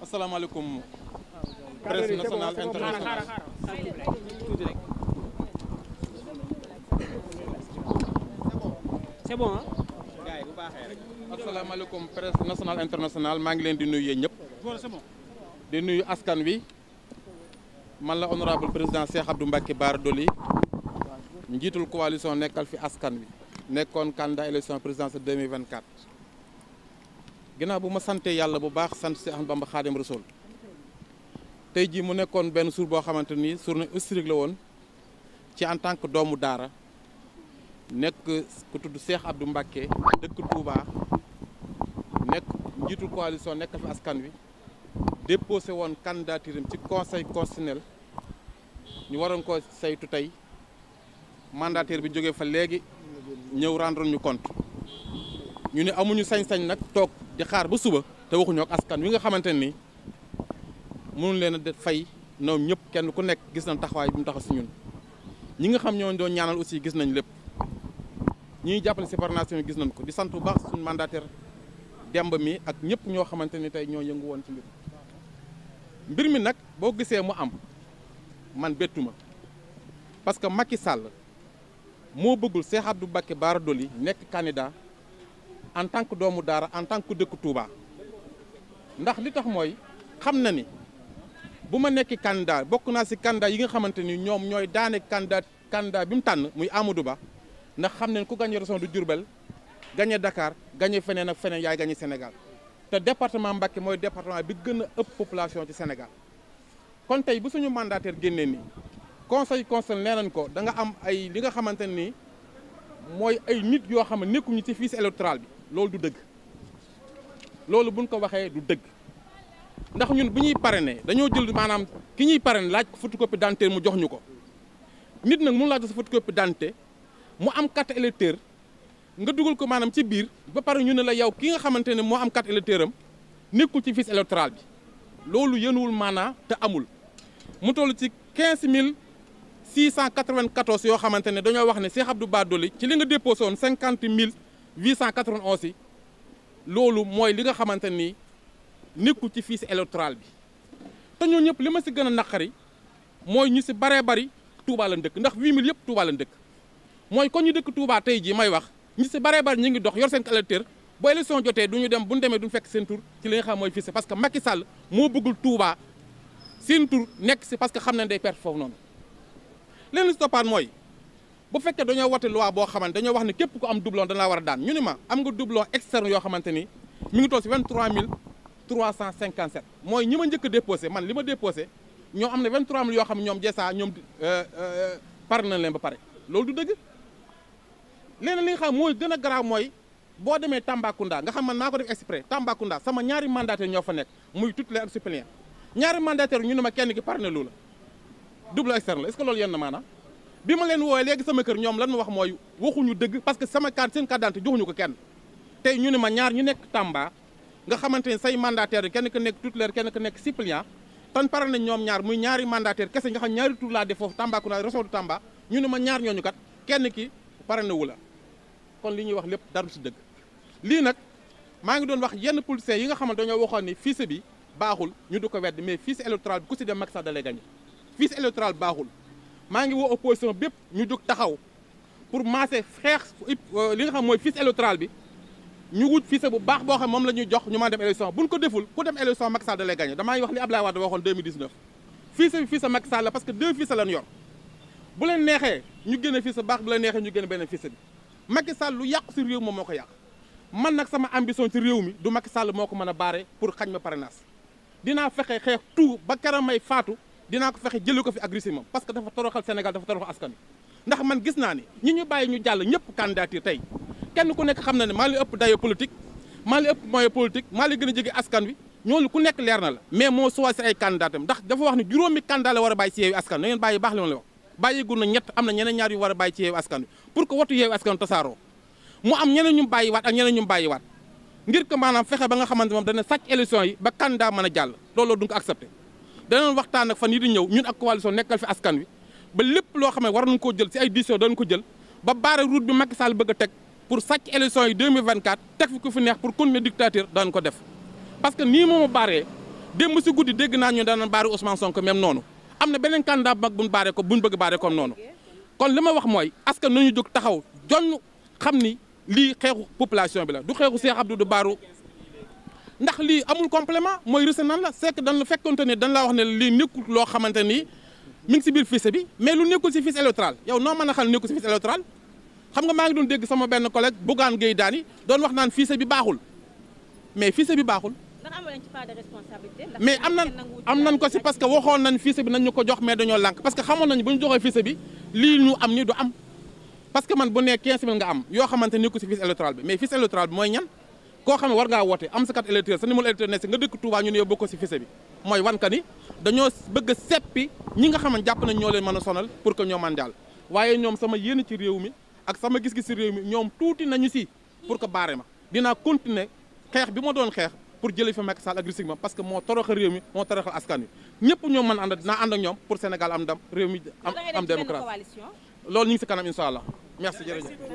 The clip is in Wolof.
asalaamaaleykum presse nationale internationale c'est bon maa ngi leen di nuyu yéen ñëpp di nuyu askan wi man la honorable président Cheikh Abdou Mbacké Bara Dolly njiitul coalition nekkal fi askan wi nekkoon candidat élection présidentielle 2024 ginnaaw bu ma santee yàlla bu baax sant si Ahmadu Bamba Xaadim Rasul tey jii mu nekkoon benn suur boo xamante ni journée historique la woon ci en tant que doomu daara nekk ku tudd Cheikh Abdou Mbacké dëkk Touba nekk njiitu coalition nekk fi askan wi déposé woon candidaturam ci conseil constitutionnel ñu waroon ko saytu tey mandataire bi jóge fa léegi ñëw rendre ñu compte ñu ne amuñu sañ-sañ nag toog di xaar ba suba te waxuñoo askan wi nga xamante ni mënuñ leen a fay ñoom ñëpp kenn ku nekk gis nañ taxawaay bi mu taxaw si ñun ñi nga xam ñoo doon ñaanal aussi gis nañ lépp ñuy jàppale séparation gis nañ ko di sant bu baax suñu mandataire demb mi ak ñëpp ñoo xamante ni tey ñoo yëngu woon ci mbir mbir mi nag boo gisee mu am man bettuma parce que Macky Sall moo bëggul Cheikh Abdou Mbacké Bara Dolly nekk candidat en tant que doomu daara en tant que dëkk Touba ndax li tax mooy xam na ni bu ma nekki candidat bokk naa si candidat yi nga xamante ni ñoom ñooy daane candidat candidat bi mu tànn muy Amadou Ba ndax xam nañ ku gagné région du Diourbel gagné dakaar gagné feneen ak feneen yaay gagné Sénégal te département Mbacké mooy département bi gën a ëpp population ci Sénégal kon tey bu suñu mandataire génnee nii conseil conseil nee nañ ko da nga am ay li nga xamante ni. mooy ay nit yoo xam ne nekkuñu ci fichier électoral bi loolu du dëgg loolu buñ ko waxee du dëgg ndax ñun bu ñuy parrainé dañoo jël maanaam ki ñuy parrainé laaj ko photocopie d'identité mu jox ñu ko nit nag mënu laaj sa photocopie d'identité mu am carte électeur nga dugal ko maanaam ci biir ba pare ñu ne la yow ki nga xamante ne moo am carte électeur am nekkul ci fichier électoral bi loolu yënuwul maanaa te amul mu toll ci quinze mille 694 yoo xamante ne dañoo wax ne Cheikh Abdou Bara Dolly ci li nga déposé woon 50 891 yi loolu mooy li nga xamante ni nekkul ci fichier électoral bi te ñoo ñëpp li ma si gën a naqari mooy ñu si baree bari la lañ dëkk ndax 8000 yëpp Touba lañ dëkk mooy kon ñu dëkk Touba tey jii may wax ñu si baree bari ñu ngi dox yor seen électeur bu élection jotee du ñu dem bu ñu demee du fekk seen tur ci li nga xam mooy fichier parce que Macky Sall moo bëggul Touba seen nekk si parce que xam nañ day perte foofu noonu. leen li si mooy bu fekkee dañoo wote loi boo xamante dañoo wax ne képp ko am doublon danaa war a daan ñu ni ma am nga doublon externe yoo xamante ni mi ngi toll si 23 357 mooy ñi ma njëkk déposé man li ma déposé ñoo am na 23 000 yoo xam ñoom jeesaa ñoom euh, euh, pare nañ leen ba pare loolu du dëgg leneen li xam mooy gën a garaaw mooy boo demee Tambacounda nga xam man naa ko def exprès Tambacounda sama ñaari mandataire ñoo fa nekk muy titulaire ak suppléant ñaari mandataire ñu ne ma kenn ki pare na loolu la double externe la est-ce que loolu yenn maanaam bi ma leen woowee léegi sama kër ñoom lan ma wax mooy waxuñu dëgg parce que sama carte seen carte d'identité joxuñu ko kenn tey ñu ne ma ñaar ñu nekk Tamba nga xamante ne say mandataire kenn ku nekk tutélaire kenn ku nekk suppléant tan pare nañ ñoom ñaar muy ñaari mandataire kese nga xam ñaari tur laa def foofu Tambacounda région de ñu ne ma ñaar ñooñu kat kenn ki pare na wu la kon li ñuy wax lépp dara si dëgg lii nag maa ngi doon wax yenn policiers yi nga xamante dañoo waxoon ni fichier bi ñu du ko wedd mais fichier électoral bi ku si dem Macky Sall da lay gagné fiche électorale baaxul maa ngi woo opposition bépp ñu jóg taxaw pour masser xeex euh, li nga xam mooy fiche électorale bi ñu wut fiche bu baax boo xam moom la ñuy jox ñu mën dem élection buñ ko deful ku dem élection Macky Sall da lay gagné damay wax li Abdoulaye Wade waxoon 2019 fiche bi fiche Macky la parce que deux fiches lañ yor bu leen neexee ñu génne fiche bu baax bu leen neexee ñu génne beneen fiche bi Macky lu yàqu si réew moom moo ko yàq man nag sama ambition ci réew mi du Macky Sall moo ko mën a baare pour xañ ma parrainage dinaa fexe xeex tout ba keroog may faatu dinaa ko fexe jëlee ko fi agressivement parce que dafa toroxal Sénégal dafa toroxal askan ndax man gis naa ne ñi ñu bàyyi ñu jàll ñëpp candidature tey kenn ku nekk xam na ne maa li ëpp dayo politique maa li ëpp moyen politique maa li gën a jege askan wi ñooñu ku nekk leer na la mais moo choisir ay candidat ndax dafa wax ne juróomi candidat la war a bàyyi ci yeewu askan na ngeen bàyyi baax li ma la bàyyi ci yeewu askan wi pour que watu yeewu askan ñu bàyyi ak ñeneen ñu bàyyi waat ngir que maanaam fexe ba nga xamante moom dana sàcc élection a jàll looloo du ko danañ waxtaan nag fan yi di ñëw ñun ak coalition nekkal fi askan wi ba lépp loo xam ne war nañ ko jël si ay décision dañ ko jël ba baare route bi Macky Sall bëgg teg pour sàcc élection yi 2024 teg fi ku fi neex pour continuer dictature daan ko def parce que nii mooma baaree démb si guddi dégg naa ñu daan baare Ousmane Sonko même noonu am na beneen candidat bu mag buñ baaree ko buñ bëgg baaree comme noonu kon li ma wax mooy askan nañu jóg taxaw jonn xam ni lii xeexu population bi la du xeexu Cheikh Abdou du baaru ndax lii amul complément mooy rese nan la c'est que dañ la fekkonte ne dañ laa wax ne lii nekkul loo xamante ni mi ngi si biir fiche bi mais lu nekkul si fiche électorale yow noo mën a xam nekkul si fiche électorale xam nga maa ngi doon dégg sama benn collègue Bougane Gueye Dany doon wax naan fiche bi baaxul mais fiche bi baaxul. mais am nan am nan ko yoo xamante nekkul si fiche bi mooy ñan koo xam ne war ngaa woote am sa carte électeur sa numéro électeur ne si nga dëkk Touba ñu ne yow bokkoo si fichier bi mooy wan ni dañoo bëgg seppi ñi nga xam ne jàpp nañ ñoo leen mën a sonal pour que ñoo man daal waaye ñoom sama yéene ci réew mi ak sama gis-gis réew mi ñoom tuuti nañu si pour que baare ma dinaa continuer xeex bi ma doon xeex pour jëlee fi Macky Sall ak ma parce que moo toroxal moo toroxal askan wi ñëpp ñoom mën ànd dinaa ànd ak ñoom pour Sénégal am ndam réew mi am am démocratie loolu ñu ngi si kanam incha allah merci